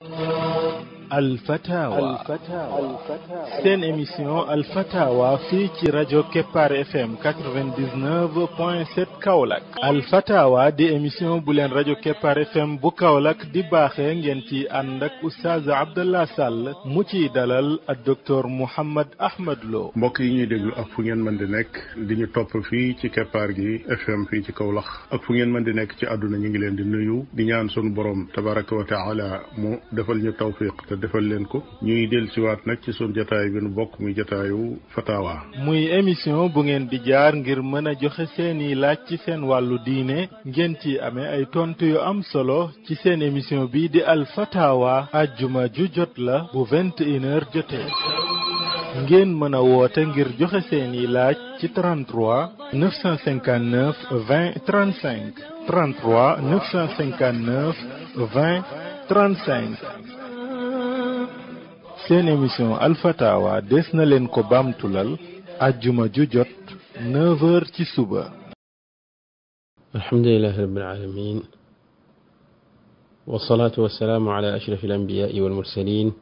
Thank you. alfatawa seen émission alfatawa fii ci rajo keppaar fm 99 point 7 kaolack alfatawa di émission bu leen rajo keppaar fm bu kaolack di baaxee ngeen ci ànd ak oustaz abdallah sàll mu ci dalal ak docteur mouhammad ahmad lo mbokk yi ñuy déglu ak fu ngeen mën di nekk di ñu topp fii ci keppaar gi fm fii ci kaolack ak fu ngeen mën di nekk ci àdduna ñu ngi leen di nuyu di ñaan sunu borom tabaraka wa mu defal ñu tawfiq defal leen ko ñuy dellusiwaat nag ci sunu jataay bi nu bokk muy jataayu Fatawa. muy émission bu ngeen di jaar ngir mën a joxe seeni laaj ci seen wàllu diine ngeen ci amee ay tontu yu am solo ci seen émission bi di al Fatawa ajjuma ju jot la bu vingt et une jotee. ngeen mën a woote ngir joxe seeni laaj ci 33 959 20 35 33 959 20 35 seen émission alfatawa des na leen ko baamtulal ajjuma ju jot 9h ci suba. alhamdulilahi rabbil alamin wasalaatu wasalaamu ala ashrafi alambiyaai walmursalin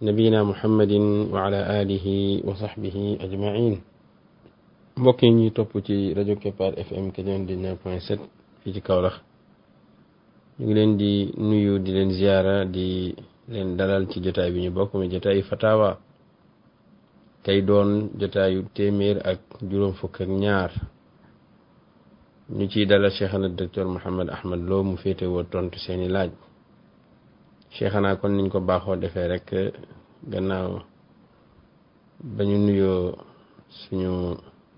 nabiyina muhammadin wa ala alihi wa sahbihi ajmain mbokk yi ñuy topp ci rajo Kepar FM 99.7 fii ci Kaolack ñu ngi leen di nuyu di leen ziyaara di leen dalal ci jotaay bi ñu bokk mi jotaayu fatawa tey doon jotaayu téeméer ak juróom fukk ak ñaar ñu ciy dalal cheikhana docteur Mouhammad Ahmad loo mu féete tontu seeni laaj cheikhana kon niñ ko baaxoo defee rek gannaaw ba ñu nuyoo suñu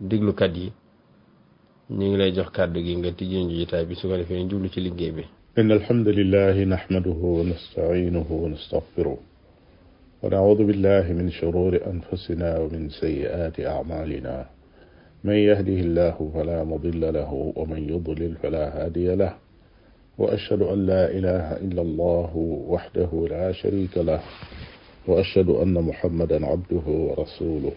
diglukat yi ñu ngi lay jox kàddu gi nga tijji ñu jotaay bi su ko defee ñu jublu ci liggéey bi إن الحمد لله نحمده ونستعينه ونستغفره ونعوذ بالله من شرور أنفسنا ومن سيئات أعمالنا من يهده الله فلا مضل له ومن يضلل فلا هادي له وأشهد أن لا إله إلا الله وحده لا شريك له وأشهد أن محمدا عبده ورسوله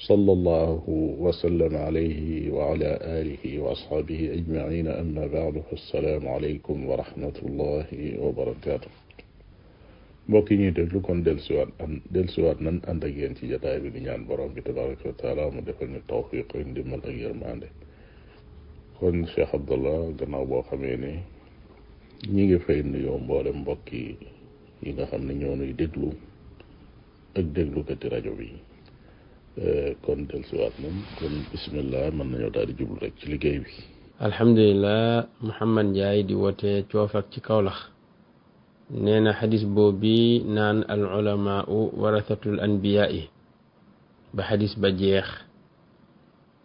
sallallahu wa sallam alayhi wa ala alihi wa asxaabihi ajmaina amma baadu assalaamu aleykum wa rahmatullahi wa barakaatu mbokk yi ñuy déglu kon dellusiwaat an dellusiwaat nan ànd ak yéen ci jataay bi di ñaan borom bi tabaraka wa taala mu defal ñu tawfiq ak ndimbal ak yërmande kon Cheikh Abdallah gannaaw boo xamee ne ñi ngi fay nuyoo mboolem mbokk yi nga xam ne ñoo nuy déglu ak déglukati rajo bi Eh, kon dellusiwaat nañ kon bisimilah mën nañoo daal di ci liggéey bi. alhamdulilah Mouhamed Ndiaye di wote coofak ci Kawlax nena xadis boobi naan al ulamaau warathatul anbiyaai ba xadis ba jeex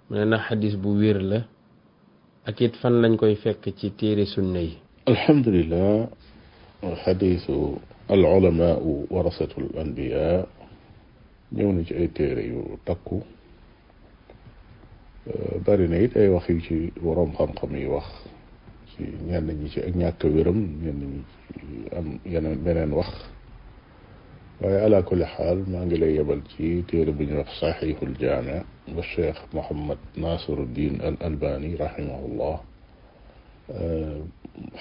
mu na xadis bu wér la akit fan lañ koy fekk ci téere sunna yi. alhamdulilah xadisu al ulamaau warathatul anbiyaa ñëw na ci ay téere yu takku euh, bari na ay wax yu ci waroom xam yi wax ci ñenn ñi ci ñàkk wéram ñenn ñi beneen wax waaye ala kulli xaal maa ngi lay yebal ci téere bu ñuy wax saxiixul jaame ba cheikh Mohammad Nasiruddin al Albani rahimahullah euh,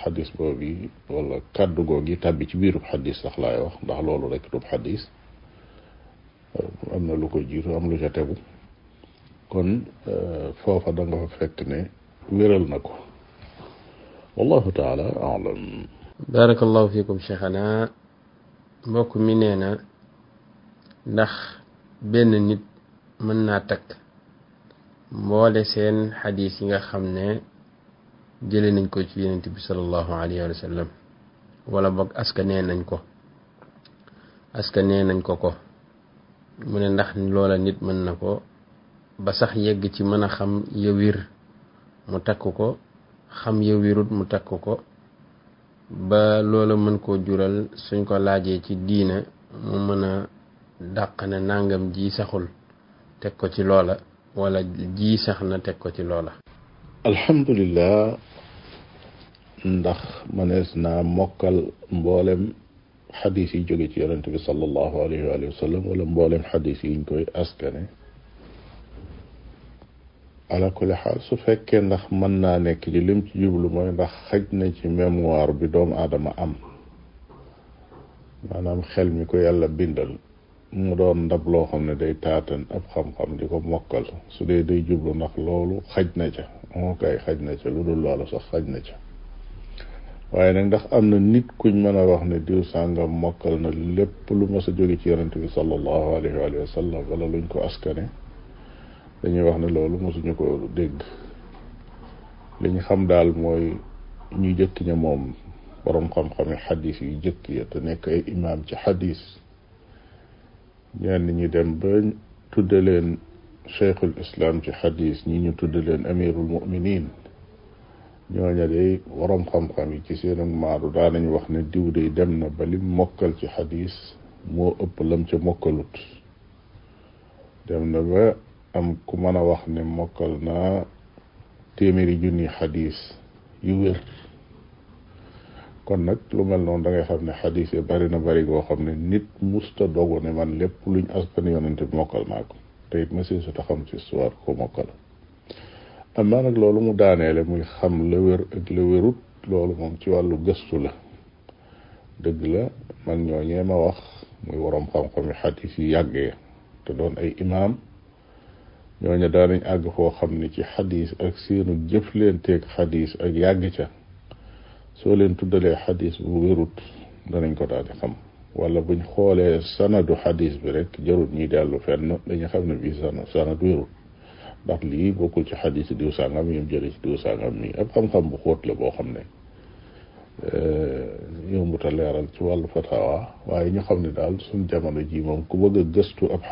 xadis boobu wala kàddu googu yi tàbbi ci biirub xadis sax wax ndax loolu rek dub xadis am na lu ko jiitu am lu ca tegu kon euh, foofa da fa fekk ne wéral na ko wallahu taala alam barakallahu fiikum cheikhana mbokk mi nee na ndax benn nit mën naa takk mboole seen xadis yi nga xam ne jële nañ ko ci yonent bi salallahu alayhi wa sallam wala boog aska nee nañ ko aska nee nañ ko ko mu ne ndax loola nit mën na ko ba sax yegg ci mën a xam ya mu takk ko xam ya wirut mu takk ko ba loola mën koo jural suñ ko laajee ci diina mu mën a dàq ne nangam ji saxul teg ko ci loola walla ji sax na teg ko ci loola alhamdulillah ndax mënees naa mokkal mboolem xadis yi jóge ci yonent bi sallallahu alayhi wa wala mboolem xadis yiñ koy askane ala kulli xaal su fekkee ndax mën naa nekk ci lim ci jublu mooy ndax xaj na ci mémoire bi doomu aadama am maanaam xel mi ko yàlla bindal mu doon ndab loo xam ne day taatan ab xam-xam di ko mokkal su dee day jublu ndax loolu xaj na ca moo kay xaj na ca lu dul loolu sax xaj na ca waaye nag ndax am na nit kuñ mën a wax ne diw sàngam mokkal na lépp lu mas a jóge ci yonent bi sallallahu alayhi wa sallam wala luñ ko askane dañuy wax ne loolu mosuñu ko dégg li xam daal mooy ñu jëkk ña moom borom xam-xam yi xadis yu jëkk ya te nekk ay imaam ci xadis ñenn ñi dem ba tudde leen cheikhul islam ci xadis ñi ñu tudde leen amirul muminin ñooña day waroom xam-xam yi ci seenum maadu daanañ wax ne diw day dem na ba lim mokkal ci xadis moo ëpp lam ca mokkalut dem na ba am ku mën a wax ne mokkal naa téeméeri junni xadis yu wér kon nag lu mel noonu da ngay xam ne xadis yi bari na bari goo xam ne nit musta dogu ne man lépp luñ askan yonente bi mokkal naa ko te ma seen su ci histoire ko mokkal am naa nag loolu mu daaneele muy xam la wér ak la wérut loolu moom ci wàllu gëstu la dëgg la man ñooñee ma wax muy waroom xam-xam yi xadis yi yàggee te doon ay imaam ñooñu daanañ àgg foo xam ni ci xadis ak seenu jëflenteeg xadis ak yàgg ca soo leen tuddalee xadiis bu wérut danañ ko daal di xam wala ñu xoolee sanadu xadis bi rek jarut ñuy dellu fenn dañu xam ne bii sanad sanad ndax lii bokkul ci xadis diw sàngam yi bu xóot la boo xam ne eh, ci wàllu fatawa waaye ñu xam ne daal jamono ji moom ku bëgg a gëstu ab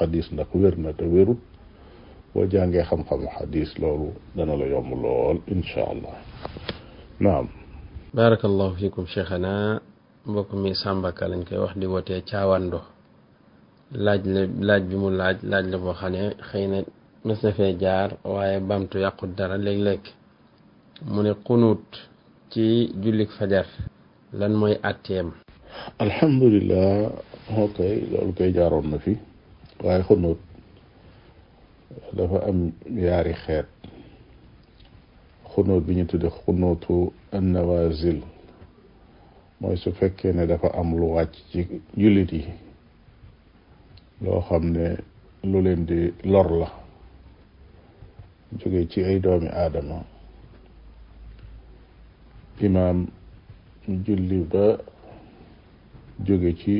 na te wérut boo jàngee xam-xamu xadis loolu dana la yomb allah naam barakallahu fikum mbokk mi sàmbaka lañ koy wax di wootee caawando laaj la laaj bi mu laaj laaj la boo xam ne xëy na mës na fee jaar waaye bamtu yàqut dara léeg-léeg mu ne xunuut ci jullik fajar lan mooy atteem alhamdulilah ok loolu koy jaaroon na fi waaye xunuut dafa am yaari xeet xunuut bi ñu tudde xunuutu annawazil mooy su fekkee ne dafa am lu wàcc ci jullit yi loo xam ne lu leen di lor la jóge ci ay doomi aadama imaam julli ba jóge ci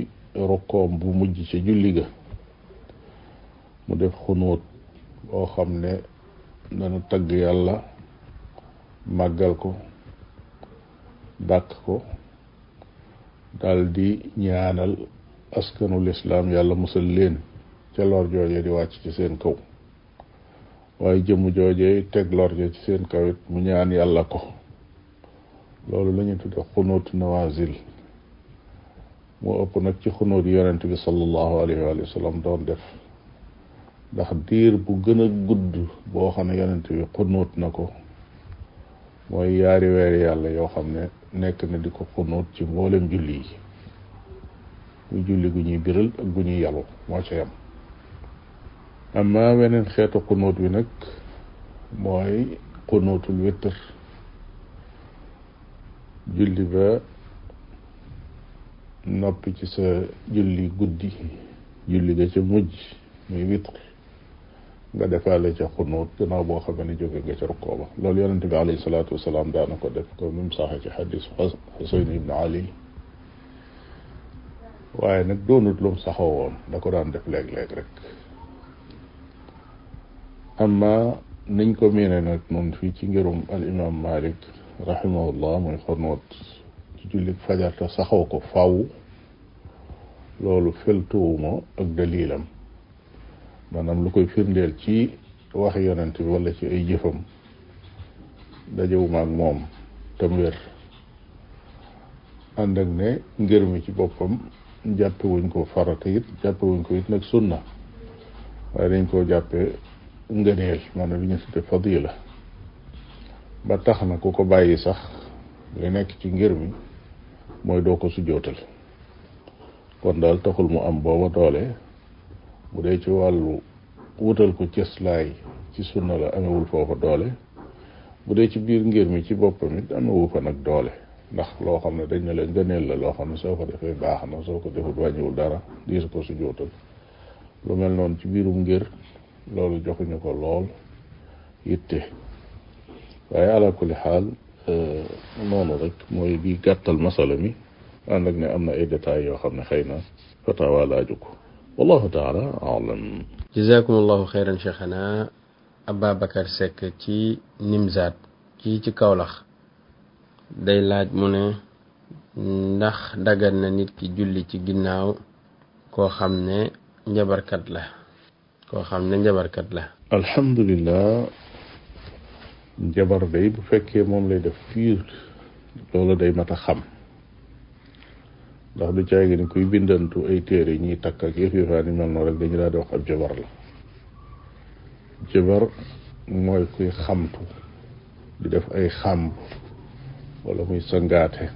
rokkoom bu mujj ca julli ga mu def xunuut boo xam ne dana tagg yàlla màggal ko bàkk ko daldi ñaanal askanu lislaam yàlla musal leen ca lor jooje di wàcc ci seen kaw waaye jëmm joojee teg lor ci seen kawit mu ñaan yàlla ko loolu lañu ñu tudde xunóot nawazil moo ëpp nag ci xunóot yonent bi sallallahu alayhi wa sallam doon def ndax diir bu gën a gudd boo xam ne yonent bi xunóot na ko mooy yaari weer yàlla yoo xam ne nekk na di ko xunóot ci mboolem julli yi muy julli gu ñuy biral ak gu ñuy yalu moo ca yam ammaa weneen xeetu xunóot bi nag mooy xunóotul witr julli ba noppi ci sa julli guddi julli ga ca mujj muy witr nga defaale ca xunuut gannaaw boo xam ne jóge nga ca rukkoo ba loolu yonente bi alayhi salaatu wasalaam daana ko def ko mim saxe ci xadis xuseyn ibn ali waaye nag doonut lum saxoo woon da ko daan def léeg-léeg rek amma niñ ko miine nag noonu fii ci ngirum al imam malik rahimahullah mooy xornoot ci jullit fajar saxoo ko faw loolu feltuwuma ak dalilam maanaam lu koy firndeel ci wax yonent bi wala ci ay jëfam dajewuma ak moom tam wér ànd ak ne ngir mi ci boppam jàppe ko farata it jàppe wuñ ko it nag sunna waaye dañ koo jàppe ngëneel maanaam li ñu tudde fadila ba tax na ku ko bàyyi sax li nekk ci ngir mi mooy doo ko sujjootal kon daal taxul mu am booba doole bu dee ci wàllu wutal ko cëslaay ci sunna la amewul foofa doole bu dee ci biir ngir mi ci boppam it amewu fa nag doole ndax loo xam ne dañ ne la ngëneel la loo xam ne soo ko defee baax na soo ko defut wàññiwul dara diisu ko sujjootal lu mel noonu ci biirum ngir loolu joxuñu ko lool yitte waaye ala kulli xaal euh, noonu rek mooy bi gàttal masala mi ànd ne am na ay détails yoo xam ne xëy na fatawa laaju ko wallahu taala alam jazakum allahu xeyran cheikhana Ababacar Seck ci Nimzaat kii ci Kaolack day laaj mu ne ndax dagan na nit ki julli ci ginnaaw koo xam ne njabarkat la koo xam ne njabarkat la alhamdulilah njabar day bu fekkee moom lay def fiir loolu day mat a xam ndax du caagi ni kuy bindantu ay téere yi ñuy takk ak yëf yëfaan yi mel noonu rek dañu daal di wax ab jabar la jabar mooy kuy xamtu di def ay xàmb wala muy sangaate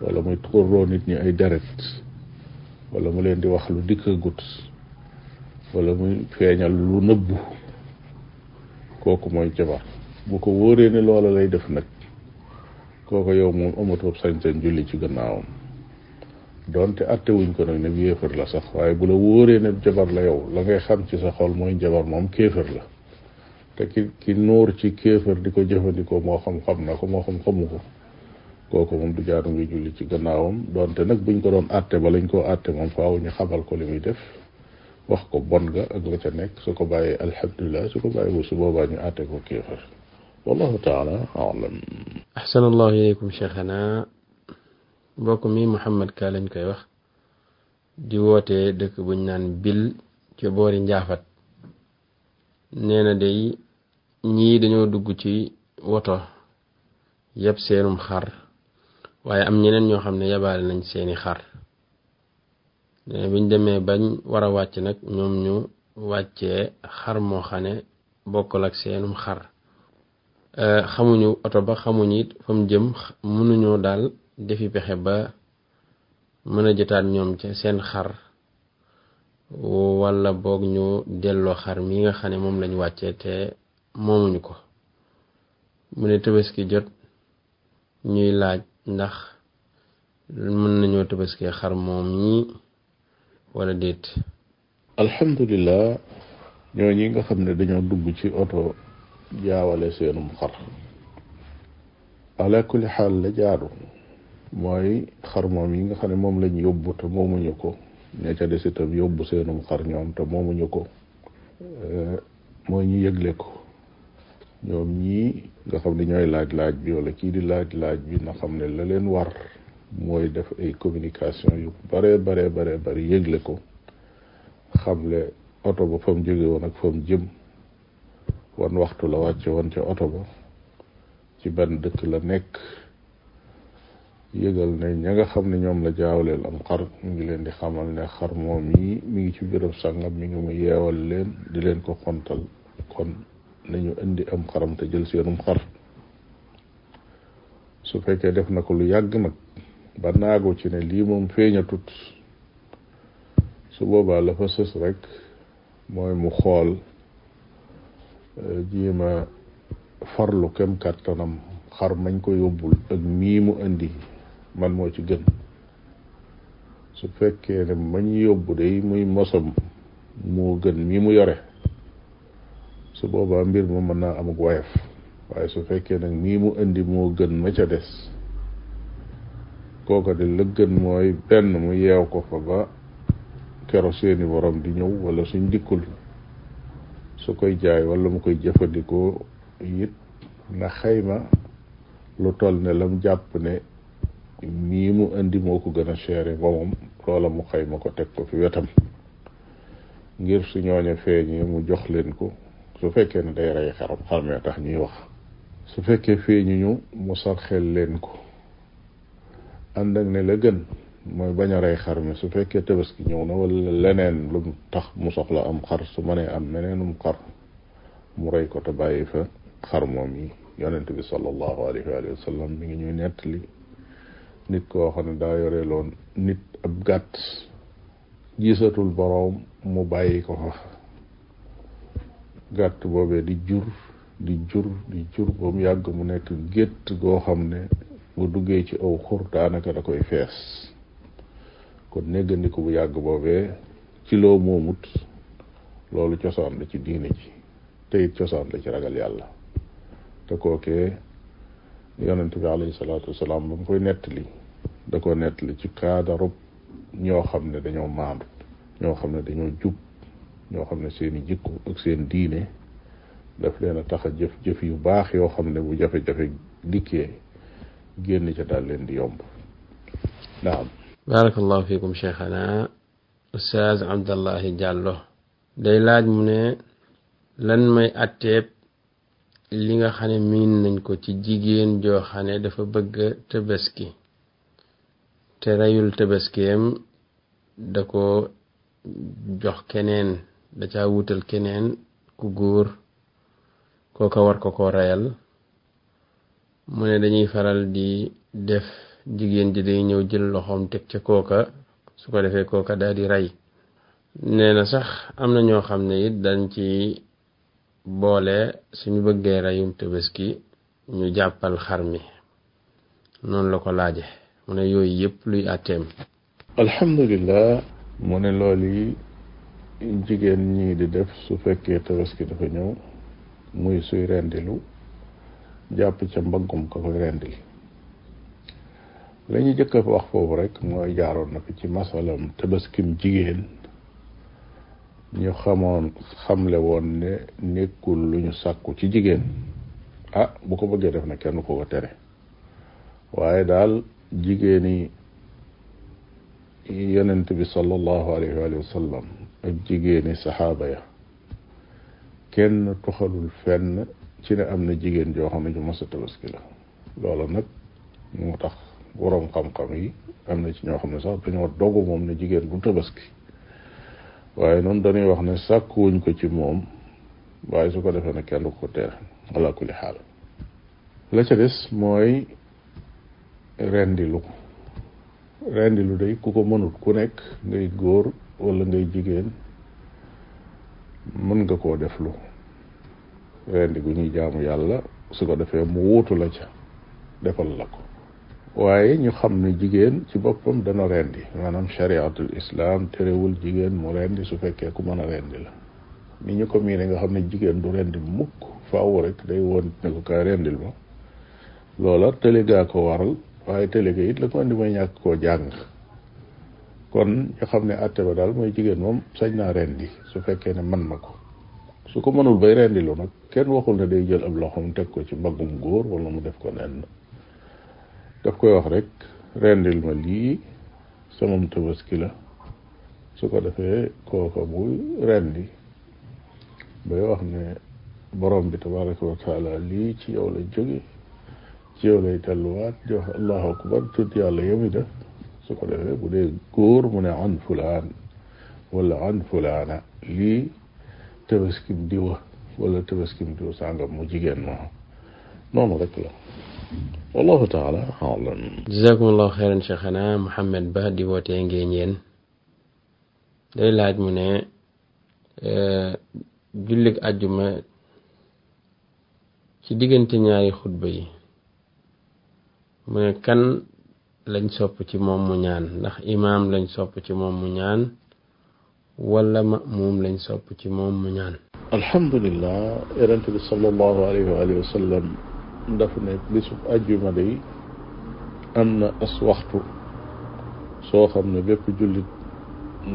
wala muy tuurloo nit ñi ay deret wala mu leen di wax lu dikk dikkagut wala muy feeñal lu nëbbu kooku mooy jabar bu ko wóoree ne loola lay def nag kooku yow moom amatoo sañ-sañ julli ci gannaawam donte attewuñ ko nag ne yéefar la sax waaye bu la wóoree ne jabar la yow la ngay xam ci sa xol mooy jabar moom kéefar la te ki ki nuur ci kéefar di ko jëfandikoo moo xam xam na ko moo xam xamu ko kooku moom du jaadu ngi julli ci gannaawam donte nag buñ ko doon atte ba lañ koo atte moom faaw ñu xamal ko li muy def wax ko bon ga ak la nekk su ko bàyyee alhamdulilah su ko bàyyee bu su boobaa ñu àtte ko kéefar wallahu taala alam ahsanallahu ileykum cheikhana mbokk mi Mouhamed Ka lañ koy wax di woote dëkk buñ naan bil ca boori njaafat nee na day ñii dañoo dugg ci woto yeb seenum xar waaye am ñeneen ñoo xam ne yabaale nañ seeni xar Euh, biñ demee bañ war a wàcc nag ñoom ñu wàcce xar moo xam ne bokkul ak seenum xar euh, xamuñu oto ba xamuñu it fa mu jëm mënuñoo daal defi pexe ba mën a jotaat ñoom ca seen xar wala boog ñu delloo xar mii nga xam ne moom lañ wàccee te moomuñu ko mu ne tabaski jot ñuy laaj ndax mën nañoo tabaskee xar moom ñi wala déet alhamdulilah ñoo ñi nga xam ne dañoo dugg ci oto jaawale seenum xar ala kulli xaal la jaadu mooy xar moom yi nga xam ne moom lañ yóbbu te moomuñu ko ña ca des itam yóbbu seenum xar ñoom te moomuñu ko eh, mooy ñu yëgle ko ñoom ñi nga xam ne ñooy laaj laaj bi wala kii di laaj laaj bi na xam ne la leen war mooy def ay communication yu bare bare bare bari yëgle ko xam le oto ba fa mu jóge woon ak fa mu jëm wan waxtu la wàcce woon ca oto ba ci benn dëkk la nekk yëgal ne ña nga xam ne ñoom la jaawleel am xar mi ngi leen di xamal ne xar moom yi mi ngi ci bërëb sàngam mi ngi mu yeewal leen di leen ko xontal kon nañu indi am xaram te jël seenum xar su fekkee def na ko lu yàgg nag ba naagoo ci ne lii moom feeñatut su boobaa la fa sës rek mooy mu xool eh, jiima farlu kem kàttanam xar mañ ko yóbbul ak mii mu indi man moo ci gën su fekkee ne mañ yóbbu day muy mosam moo gën mii mu yore su boobaa mbir ma mën naa amuk woyof waaye su fekkee nag mii mu indi moo gën ma ca des kooka de la gën mooy benn mu yeew ko fa ba kero seeni woroom di ñëw wala suñ dikkul su koy jaay wala mu koy jëfandikoo it na xayma lu toll ne lam jàpp ne nii mu indi moo ko gën a seere moomam loola mu xayma ko teg ko fi wetam ngir su ñooña feeñee mu jox leen ko su fekkee ne day rey xaram xarmee tax ñuy wax su fekkee feeñu feeñuñu mu sarxel leen ko ànd ak ne la gën mooy bañ a rey xar mi su fekkee tabaski ñëw na wala leneen lu tax mu soxla am xar su mënee am meneenum xar mu rey ko te bàyyi fa xar moom yi yonent bi sallallahu alayhi mi ngi ñuy nettali nit koo xam ne daa yore loon nit ab gàtt gisatul boroom mu bàyyi ko fa gàtt boobee di jur di jur di jur ba mu yàgg mu nekk gétt goo xam ne bu duggee ci aw xurtaanaka daanaka da koy fees kon néggandiku bu yàgg boobee ci loo moomut loolu cosaan la ci diine ci te it cosaan la ci ragal yàlla te kookee yonent bi alayhi salaatu wasalaam ba mu koy nettali da ko nettali ci kaadarub ñoo xam ne dañoo maandu ñoo xam ne dañoo jub ñoo xam ne seeni jikko ak seen diine daf leen a tax a jëf jëf yu baax yoo xam ne bu jafe-jafe dikkee génn ca daal leen di yomb barakallahu fiikum cheikhana ustaaz abdallahi jàllo day laaj mu ne lan may atteeb li nga xam ne miin nañ ko ci jigéen joxane dafa bëgg tabaski te reyul tabaskeem da ko jox keneen da ca wutal keneen ku góor kooka war ko ko reyal mu ne dañuy faral di def jigéen ji day ñëw jël loxoom teg ca kooka su ko defee kooka daldi di rey nee na sax am na ñoo xam ne it dañ ci boole suñu bëggee reyum tabaski ñu jàppal xar mi noonu la ko laaje mu ne yooyu yëpp luy àtteem alhamdulilah mu ne loolu yi jigéen ñii di def su fekkee tabaski dafa ñëw muy suy rendilu jàpp ca mbaggum ka koy rendi la ñu jëkk a wax foofu rek mooy jaaroon na ko ci masalam tabaskim jigéen ñu xamoon xamle woon ne nekkul lu ñu sàkku ci jigéen a ah, bu ko bëggee def na kenn ko ko tere waaye daal jigéeni yonent bi sallallahu alayhi wa ak jigéeni saxaaba ya kenn toxalul fenn ci ne am na jigéen joo xam ne ju mos a la loola nag moo tax woroom xam-xam yi am na ci ñoo xam ne sax dañoo dogu moom ne jigéen bu tabaski waaye noonu dañuy wax ne sàkkuwuñ ko ci moom waaye su ko defee ne kenn ko teer ala kulli xaal la ca des mooy rendilu rendilu day ku ko mënut ku nekk ngay góor wala ngay jigéen mën nga koo def deflu rendi gu ñuy jaamu yàlla su ko defee mu wuutu la ca defal la ko waaye ñu xam ne jigéen ci boppam dana rendi maanaam chariatul islam terewul jigéen mu rendi su fekkee ku mën a rendi la ni ñu ko miine nga xam ne jigéen du rendi mukk faaw rek day woon ne ko kaa rendil ma loola tëlégaa ko waral waaye tëléga it la ko andi mooy ñàkk koo jàng kon ñu xam ne àtte ba daal mooy jigéen moom sañ naa rendi su fekkee ne man na ko su ko mënul bay rendilu nag kenn waxul ne day jël ab loxoom teg ko ci mbaggum góor wala mu def ko nenn daf koy wax rek rendil ma lii samam tabaski la so ko defee kooka buy rendi bay wax ne borom bi tabaraka wa taala lii ci yow la jóge ci yow lay telluwaat di wax allahu akbar tudd yàlla yemi def su ko defee bu mu ne an fulaan wala an fulaana lii tëbaskim diwa wala tëbaskim diwa sàngam mu jigéen ma noonu rek la wallahu taala alam jazakumullahu xeyran cheikhana Mouhamed Ba di wootee Ngéeñeen day laaj mu ne e, jullig àjjuma ci diggante ñaari xutba yi mu ne kan lañ sopp ci moom mu ñaan ndax imaam lañ sopp ci moom mu ñaan ma ma'muum lañ sopp ci moom mu ñaan alhamdulillah yonent bi sallallahu alayhi wa alihi wa sallam dafa ne bisub ajjuma day am na as waxtu soo xam ne bépp jullit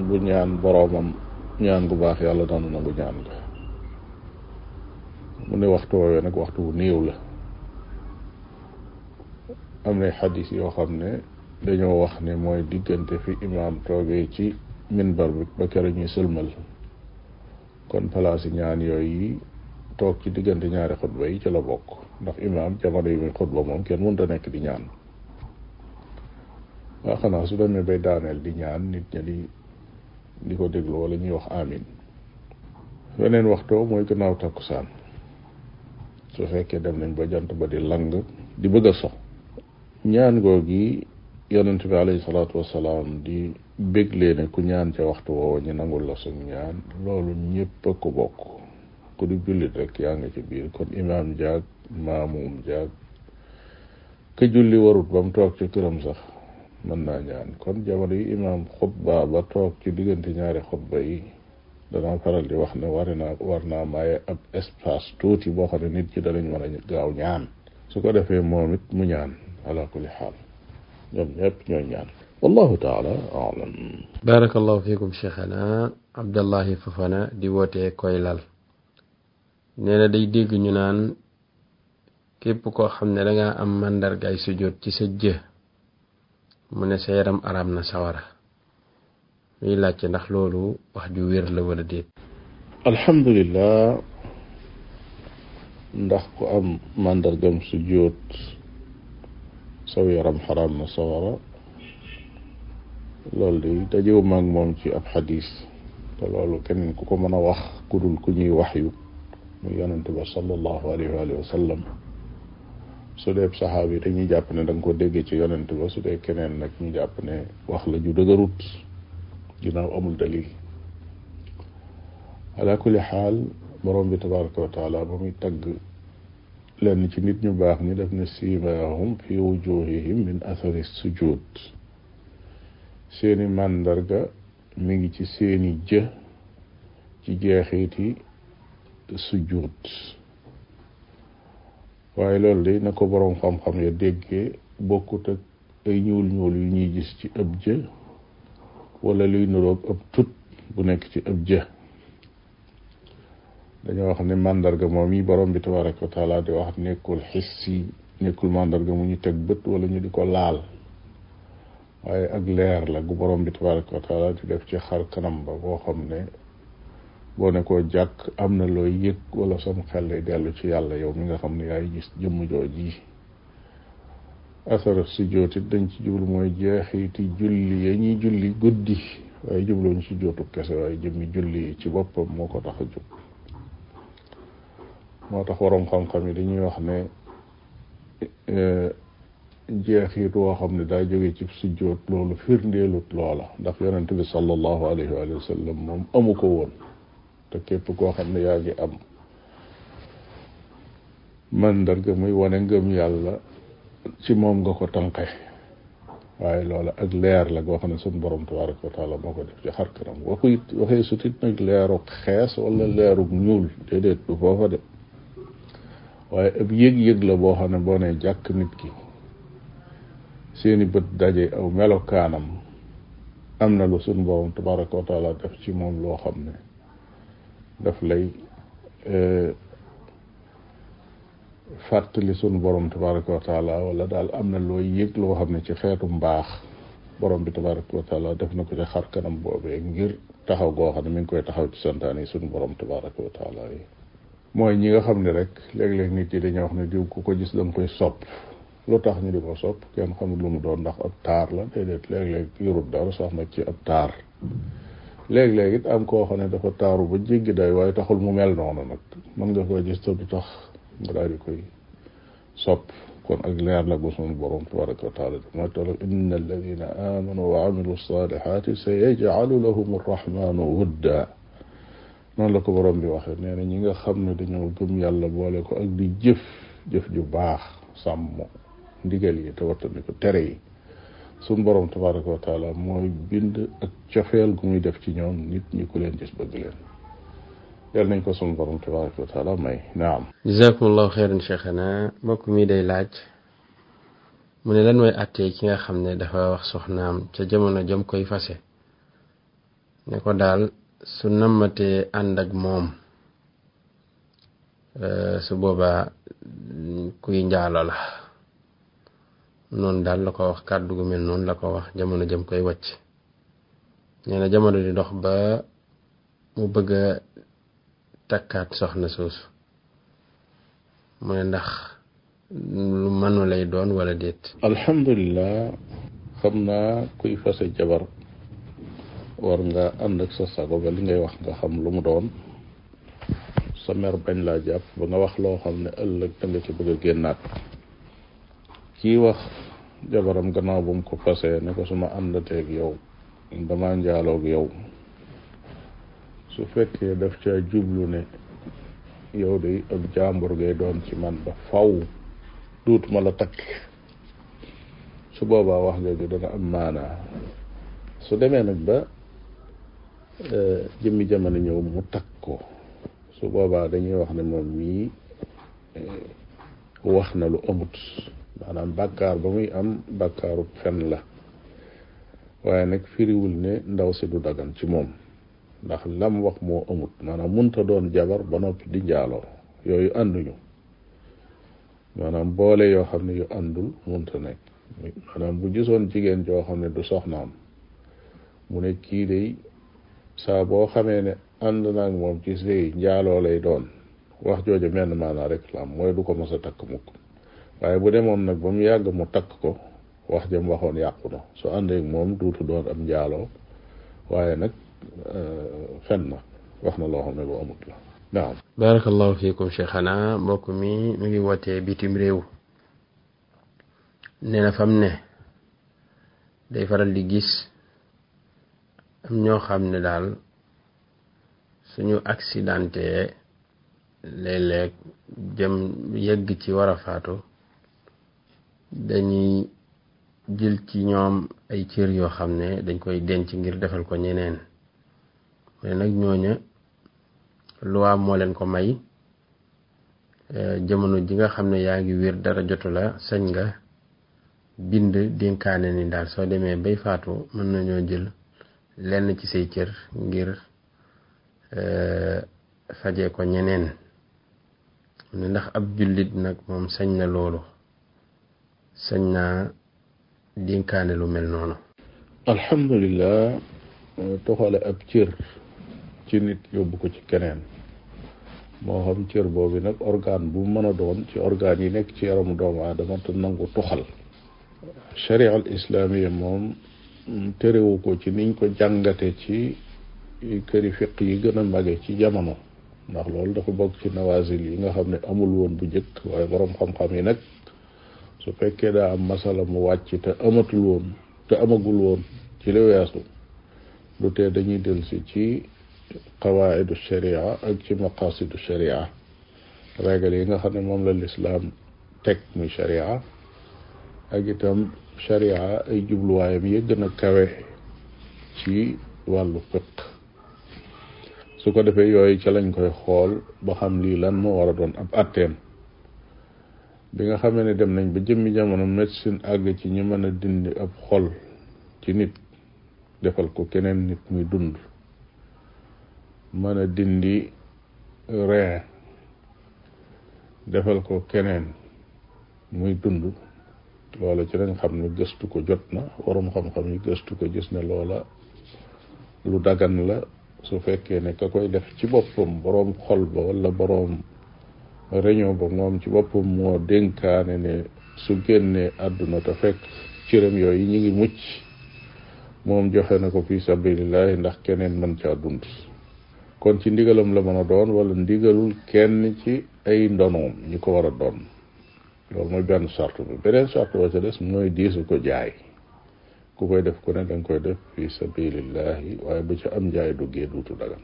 bu ñaan boroomam ñaan bu baax yàlla dana nangu ñaan la mu ne waxtu woowee nag waxtu wu néew la am nay xadis yoo xam ne dañoo wax ne mooy diggante fi imaam toogee ci minbar bi ba keroog ñu sëlmal kon palaasi ñaan yooyu toog ci diggante ñaari xutba yi ci la bokk ndax imaam jamono yi muy xutba moom kenn mënut ta nekk di ñaan waa xanaa su demee bay daaneel di ñaan nit ña di di ko déglu wala ñuy wax amin weneen waxtoo mooy gannaaw takkusaan su fekkee dem nañ ba jant ba di lang di bëgg a sox ñaan googi yonent bi alayhi salaatu wassalaam di béglee ne ku ñaan ca waxtu woowa ñu nangu la suñ ñaan loolu ñëpp a ko bokk ku di jullit rek yaa ngi ci biir kon imaam jaag maamum jaag ka julli warut ba mu toog ci këram sax mën naa ñaan kon jamono yi imaam xutba ba toog ci diggante ñaari xutba yi danaa faral di wax ne wari naa war naa maye ab espace tuuti boo xam ne nit ci danañ mën a gaaw ñaan su ko defee moom it mu ñaan ala kulli xaal ñoom ñëpp ñooy ñaan wallahu taala alam barakallahu fiikum cheikhana abdallahi fafana di woote koy lal nee na day dégg ñu naan képp koo xam ne danga am màndargaay sujjóot ci sa jë mu ne sa yaram araam na sawara muy laajte ndax loolu wax ju wér la wala déet alhamdulillah ndax ku am màndargam sujjóot saw yaram xaraam na sawara loolu de dajewu ma ak moom ci ab xadis te loolu keneen ku ko mën a wax ku dul ku ñuy wax yu muy yonent ba sallallahu alayhi wa sallam su dee saxaabi jàpp ne da nga déggee ci yonent su keneen nag ñu jàpp ne wax la ju dëgërut ginnaaw amul dalil ala kulli xaal borom bi tabaraka wa taala ba muy ci nit ñu baax ñi def ne siimaahum fi wujuhihim min athari sujud seeni màndarga mi ngi ci seeni jë ci jeexiti sujjuut waaye loolu de na ko boroom xam-xam ya déggee bokkut ak ay ñuul ñuul yu ñuy gis ci ab jë wala luy nuroog ab tut bu nekk ci ab jë dañoo wax ne màndarga moom yi borom bi tabaraka wa wax nekkul xis si nekkul màndarga mu ñu teg bët wala ñu di ko laal waaye ak leer la gu borom bi tabaraka wa taala di def ci xar kanam ba boo xam ne boo ne koo jàkk am na looy yëg wala sam xel lay dellu ci yàlla yow mi nga xam ne yaay gis jëmm jooji asara si it dañ ci jublu mooy jeexiti julli ya ñuy julli guddi waaye jubluñ ci jootu kese waaye jëmmi julli ci boppam moo ko tax a jub moo tax waroom xam-xam yi dañuy wax ne eh, jeexit woo xam ne daa jóge ci sujjóot loolu firndeelut loola ndax yonent bi sallallahu alayhi wa moom amu ko woon te képp koo xam ne yaa ngi am mandarga muy wane ngëm yàlla ci moom nga ko tànqe waaye loola ak leer la goo xam ne sun borom tabaraka wa taala moo ko def ci xar kanam waxu sutit nag leerug xees wala leerug ñuul déedéet du foofa de waaye ab yëg-yëg la boo xam ne boo nee jàkk nit ki seeni bët daje aw melokaanam am na lu sun borom tabaraka wa def ci moom loo xam ne daf lay e, fàttali sun borom tabaraka wa taala wala daal am na loo yëg loo xam ne ci xeetu mbaax borom bi tabaraka wa taala def na ko ci xar kanam boobee ngir taxaw goo xam ne mi ngi koy taxaw ci santaan yi sun borom tabaraka wa taala yi mooy ñi nga xam ne rek léeg-léeg nit yi dañuy wax ne diw ku ko gis danga koy sopp lu tax ñu di ko sopp kenn xamul lu mu doon ndax ab taar la déedéet léeg-léeg yorut dara sax nag ci ab taar léeg-léeg it am koo xam ne dafa taaru ba jéggi day waaye taxul mu mel noonu nag man nga koy gis te du tax nga daal di koy sopp kon ak leer la gu sunu borom tabaraka wa taala mooy tolog inna alladina amanu wa amilu noonu la ko borom bi waxee nee na ñi nga xam ne dañoo gëm yàlla boole ko ak di jëf jëf ju baax sàmm ndigal yi te wattandiku tere yi sun borom tabaraka wa taala mooy bind ak cofeel gu muy def ci ñoom nit ñi ku leen gis bëgg leen yal nañ ko sun borom tabaraka wa taala may naam jazakumullahu xeyran cheikhana mbokk mi day laaj mu ne lan mooy attee ki nga xam ne dafa wax soxnaam ca jamono jëm koy fase ne ko daal su nammatee ànd ak moom euh, su boobaa kuy njaalo la noonu daal la ko wax kàddu gu mel noonu la ko wax jamono jëm koy wacc nee na jamono di dox ba mu bëgg a takkaat soxna soosu mu ne ndax lu mënu lay doon wala déet alhamdulilah xam naa kuy fase jabar war nga ànd ak sa sago ba li ngay wax nga xam lu mu doon sa mer bañ laa jàpp ba nga wax loo xam ne ëllëg da nga ci génnaat kii wax jabaram gannaaw bu mu ko fasee ne ko suma àndateeg yow dama njaaloog yow su fekkee def caa jublu ne yow de ab jàmbur ngay doon ci man ba faw duutuma la takk su boobaa wax jooju dana am maanaa su demee nag ba eh, jëmmi jamono ñëw mu takk ko su boobaa dañuy wax ne moom mii eh, wax na lu amut maanaam bàkkaar ba muy am bàkkaaru fen la waaye nag firiwul ne ndaw si du dagan ci moom ndax lam wax moo amut maanaam munta doon jabar ba noppi di njaaloo yooyu ànduñu maanaam boole yoo xam ne yu àndul munta nekk maanaam bu gisoon jigéen joo xam ne du soxnaam mu ne kii day saa boo xamee ne ànd naag moom ci sëy njaaloo lay doon wax jooju menn maanaa rek la am mooy du ko mos a takk mukk waaye bu moom nag ba mu yàgg mu takk ko wax jëm waxoon yàqu na su moom duutu doon am njaaloo waaye nag euh, fen na wax na loo xam ne barakallahu fiikum cheikhana mbokk mi mu ngi wootee bitim réew nee na fam ne day faral di gis am ñoo xam ne daal suñu accidenté léeg-léeg jëm yegg ci war a faatu dañuy jël ci ñoom ay cër yoo xam ne dañ koy denc ngir defal ko ñeneen mais nag ñooña luwaa moo leen ko may euh, jamono ji nga xam ne yaa ngi wér dara jotu la sañ nga bind dénkaane ni daal soo demee bay faatu mën nañoo jël lenn ci say cër ngir euh, faje ko ñeneen ne ndax ab jullit nag moom sañ na loolu sañ naa dénkaane lu mel noonu alhamdulilah toxale ab cër ci nit yóbbu ko ci keneen moo xam cër boobu nag organe bu mën a doon ci organe yi nekk ci yaramu doomu aadama te nangu toxal sharia al islamiya moom terewu ko ci niñ ko jàngate ci këri fiq yi gën a mage ci jamono ndax loolu dafa bokk ci nawazil yi nga xam ne amul woon bu njëkk waaye borom xam-xam yi nag su fekkee daa am masala mu wàcc te amatul woon te amagul woon ci li weesu lu tee dañuy delsi ci qawaidu sharia ak ci maqasidu sharia régal yi nga xam ne moom la lislaam teg muy sharia ak itam sharia ay jubluwaayam yi gën a kawe ci wàllu fiq su ko defee yooyu ca lañ koy xool ba xam lii lan moo war a doon ab atteem bi nga xamee ne dem nañ ba jëmmi jamono médecine àgg ci ñu mën a dindi ab xol ci nit defal ko keneen nit muy dund mën a dindi rein defal ko keneen muy dund loola ci lañ xam ne gëstu ko jot na waroom xam-xam yi gëstu ko gis ne loola lu dagan la su fekkee ne ka koy def ci boppam boroom xol ba walla boroom réunion ba moom ci boppam moo dénkaane ne su génnee àdduna te fekk cëram yooyu ñu ngi mucc moom joxe na ko fi sabilillahi ndax keneen mën caa dund kon ci ndigalam la mën a doon wala ndigalul kenn ci ay ndonoom ñi ko war a doon loolu mooy benn sart bi beneen sart ba ca des mooy diisu ko jaay ku koy def ku ne danga koy def fi sabilillahi waaye bu ca am jaay duggee duutu dagan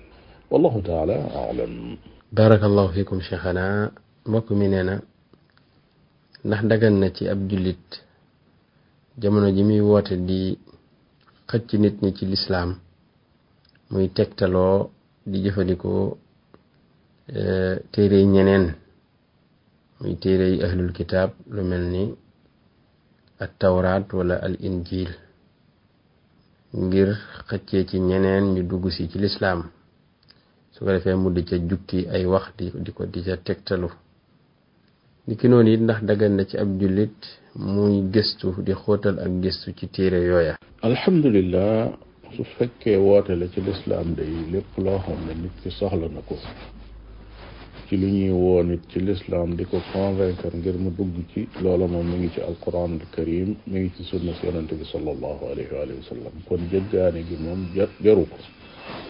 wallahu taala alam barakallahu fikum cheikhana mbokk mi nee na ndax dagan na ci ab jullit jamono ji muy woote di xëcc nit ñi ci lislaam muy tegtaloo di jëfandikoo e, téere ñeneen muy téere yi ahlul kitaab lu mel ni at tawraat wala al injil ngir xëccee ci ñeneen ñu dugg si ci lislaam su ko defee mu di ca jukki ay wax di ko di ca tegtalu ni ki noon it ndax dagan na ci ab jullit muy gëstu di xootal ak gëstu ci téere yooya alhamdulillah su fekkee woote la ci lislaam day lépp loo xam ne soxla na ko ci li ñuy woo nit ci lislaam di ko convaincre ngir mu dugg ci loola moom mu ngi ci alquran al karim mi ngi ci sunna si yonante bi sallallahu alayhi wa sallam kon jëggaane gi moom jaru ko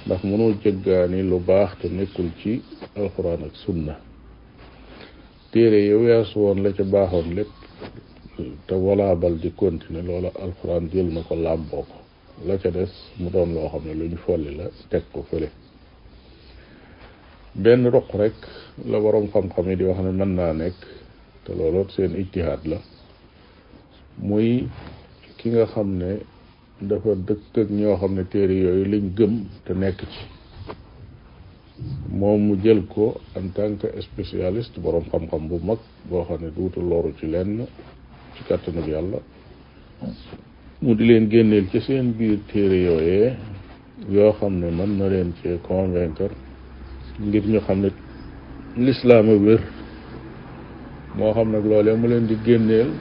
ndax mënoo jëggaani lu baax te nekkul ci alxuraan ak sunna téere yi weesu woon la ca baaxoon lépp te walaabal di continuer loola alxuraan jël na ko làmboo ko la ca des mu doon loo xam ne lu ñu folli la teg ko fële benn roq rek la boroom xam-xam yi di wax ne mën naa nekk te looloot seen ijtihaad la muy ki nga xam ne dafa dëkk ak ñoo xam ne téere yooyu lañ gëm te nekk ci moom mu jël ko en tant que boroom borom xam-xam bu mag boo xam ne duuta loru ci lenn ci kàttanu yàlla mu di leen génneel ci seen biir téere yooyee yoo xam ne mën na leen cee convaincre ngir ñu xam ne lislaam a wér moo xam nag loolee mu leen di génneel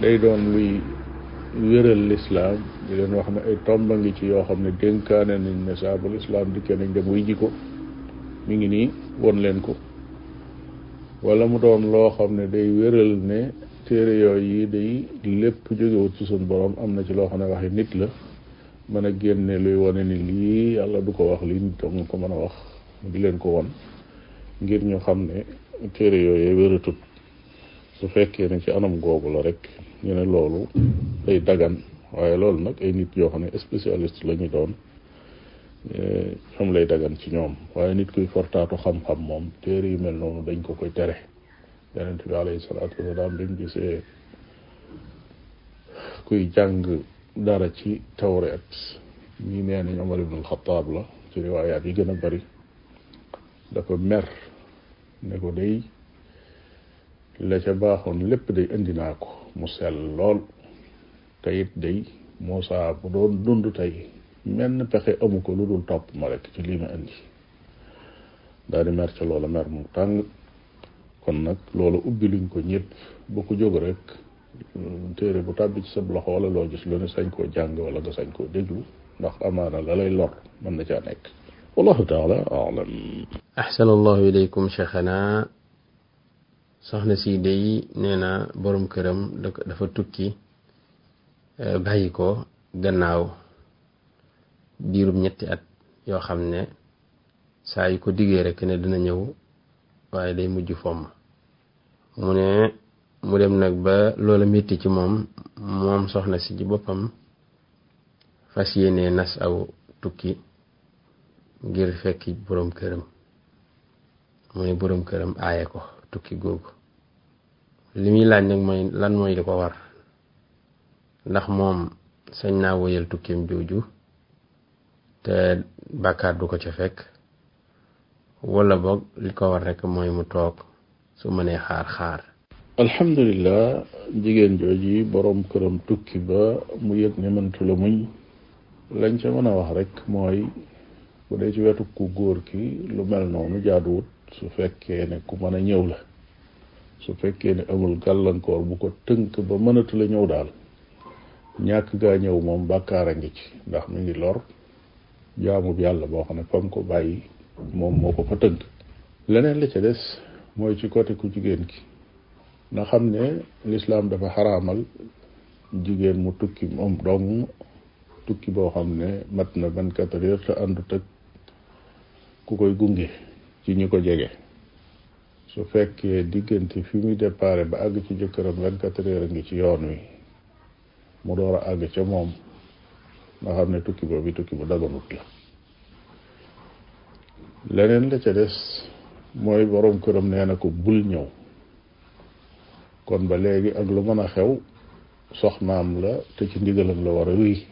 day doon luy wéral lislaam di leen wax ne ay tomba ngi ci yoo xam ne dénkaane nañ ne saa bu lislaam dikkee nañ dem wuy ji ko mi ngi nii won leen ko wala mu doon loo xam ne day wéral ne téere yooyu yi day lépp jógewut ci suñ borom am na ci loo xam ne waxi nit la mën a génne luy wane ni lii yàlla du ko wax lii nit dong ko mën a wax di leen ko won ngir ñu xam ne téere yooyu wératut su fekkee ne ci anam googu la rek ñu ne loolu ay dagan waaye loolu nag ay nit yoo xam ne spécialiste la ñu doon eh, ñoom lay dagan ci ñoom waaye nit kuy fortaatu xam-xam moom téere yu mel noonu dañ ko koy tere yonent bi alayhi salaatu wasalaam kuy jàng dara ci tawreet ñi nee nañ Omar ibn al la ci yi gën a bari dafa mer ne ko day la ca baaxoon lépp day indi naa ko mu sel lool te it day Moussa bu doon dund tey menn pexe amu ko lu dul topp ma rek ci lii ma indi daal di loola mer mu tàng kon nag loolu ubbi luñ ko ñëpp bu ko jóg rek euh, téere bu tàbbi ci sa loxo wala loo gis lu ne sañ koo jàng wala nga sañ koo déglu ndax amaana la lay lor mën na caa nekk wallahu taala alam ahsanallahu ilaykum cheikhana soxna si dey nee na borom këram dafa tukki eh, bàyyi ko gannaaw diirum ñetti at yoo xam ne saa yu ko diggee rek ne dina ñëw waaye day mujj fomm mu ne mu dem nag ba loola métti ci moom moom soxna si ci boppam fas yéene nas aw tukki ngir fekki borom këram mu ne borom këram aaye ko tukki googu li muy laaj nag mooy lan mooy li ko war ndax moom sañ naa wëyal tukkim jooju te bàkkaar du ko ca fekk walla boog li ko war rek mooy mu toog su mënee xaar xaar alhamdulilah jigéen jooji boroom këram tukki ba mu yëg ne mëntu la muñ lañ ca mën a wax rek mooy bu dee ci wetu ku góor ki lu mel noonu jaaduwut su fekkee ne ku mën a ñëw la su fekkee ne amul gàllankoor bu ko tënk ba mënatu la ñëw daal ñàkk gaa ñëw moom bàkkaar ngi ci ndax mu ngi lor jaamub yàlla boo xam ne fam ko bàyyi moom moo ko fa tënk leneen li ca des mooy ci côté ku jigéen ki na xam ne lislaam dafa xaraamal jigéen mu tukki moom dong tukki boo xam ne mat na vingt-quatre heures te àndut ak ku koy gunge ci ñi ko jege su fekkee diggante fi muy déparé ba àgg ci jëkkëram vingt quatre heures a ngi ci yoon wi mu door a àgg ca moom nga xam ne tukki bi tukki bu daganut la leneen la ca des mooy boroom këram nee na ko bul ñëw kon ba léegi ak lu mën a xew soxnaam la te ci ndigalam la war a wéy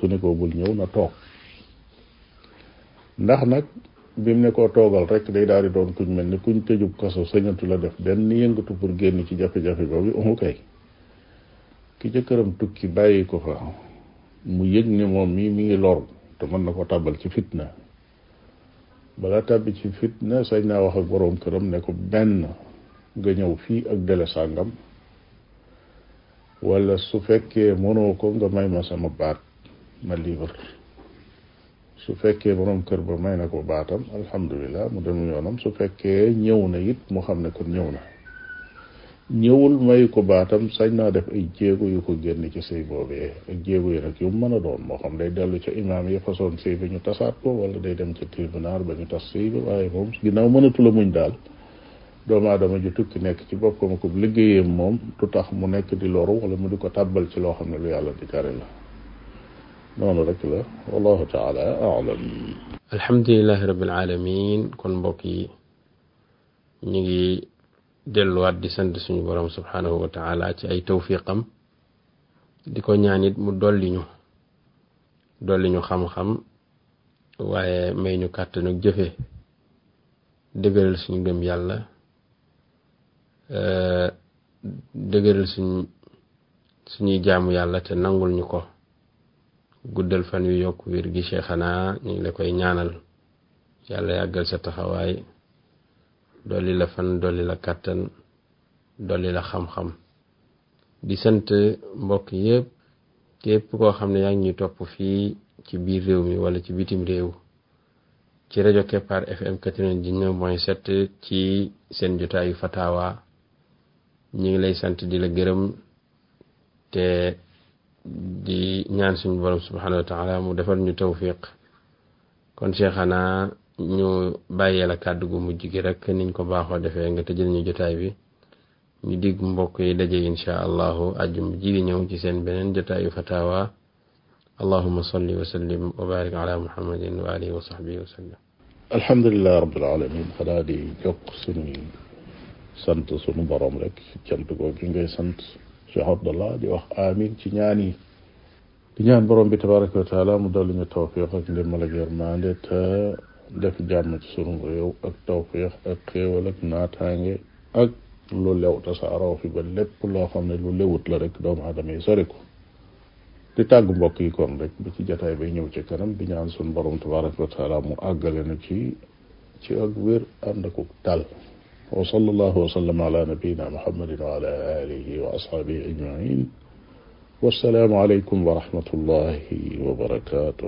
su ne ko bul ñëw na toog ndax nag bi mu ne koo toogal rek day daal di doon kuñ mel ni kuñ tëjub kaso sañatu la def benn yëngatu pour génn ci jafe-jafe boobu amu kay ki ca këram tukki bàyyi ko fa mu yëg ni moom mii mi ngi lor te mën na ko tàbbal ci fitna bala tàbbi ci fitna sañ naa wax ak boroom këram ne ko benn nga ñëw fii ak dele sàngam wala su fekkee mënoo ko nga may ma sama baat ma libre su fekkee borom kër ba may na ko baatam alhamdulilah mu dem yoonam su fekkee ñëw na it mu xam ne kon ñëw na ñëwul mayu ko baatam sañ naa def ay jéego yu ko génn ci sëy boobee ak jéego yi nag yu mën a doon moo xam ne dellu ca imaam ya façon sëy bi ñu tasaat ko wala day dem ci tribunal ba ñu tas sëy bi waaye moom ginnaaw mënatu la muñ daal doomu aadama ju tukki nekk ci boppam ko liggéeyam moom du tax mu nekk di loru wala mu di ko tàbbal ci loo xam ne lu yàlla di tere la noonu rek la wallahu taala alam alhamdulilahi kon mbokk yi ñu ngi delluwaat di sant suñu borom subhanahu wa taala ci ay tawfiqam di ko ñaan mu dolli ñu xam-xam waaye may ñu kàttanu jëfe dëgëral suñu gëm yàlla e, dëgëral suñ suñuy jaamu yàlla te nangul ñu ko guddal fan wi yokk wér gi Cheikhana ñu ngi la koy ñaanal yàlla yàggal sa taxawaay dolli la fan dolli la kàttan dolli la xam-xam di sant mbokk yëpp képp koo xam ne yaa ngi topp fii ci biir réew mi wala ci bitim réew ci rajo Keppaar FM 99.7 ci seen jotaayu Fatawa ñu ngi lay sant di la gërëm te. di ñaan suñu borom subhanahu wa mu defal ñu tawfiq kon Cheikhana ñu bàyyee la kàddu gu mujj gi rek niñ ko baaxoo defee nga tëjal ñu jotaay bi ñu digg mbokk yi daje insha allahu ajum ji di ñëw ci seen beneen jotaayu fatawa allahuma salli wa sallim wa barik ala muhammadin Cheikh Abdallah di ci ñaan yi di ñaan borom bi tabaraka wa taala mu dolli ñu tawfiq ak ndimmal ak yërmande te def jàmm ci sunu réew ak tawfiq ak xéewal ak naataange ak lu lew tasaaroo fi ba lépp loo xam ne lu lewut la rek doomu aadama yi sori ko di tàggu mbokk yi kon rek ba ci jataay bay ñëw ci kanam bi ñaan sunu borom tabaraka wa taala mu àggale na ci ci ak wér ànd ak tal wa sallallahu wa sallam ala nabiyyina muhammadin wa ala alihi wa ashabihi ajmain wassalaamu aleykum wa rahmatullahi wa barakatuh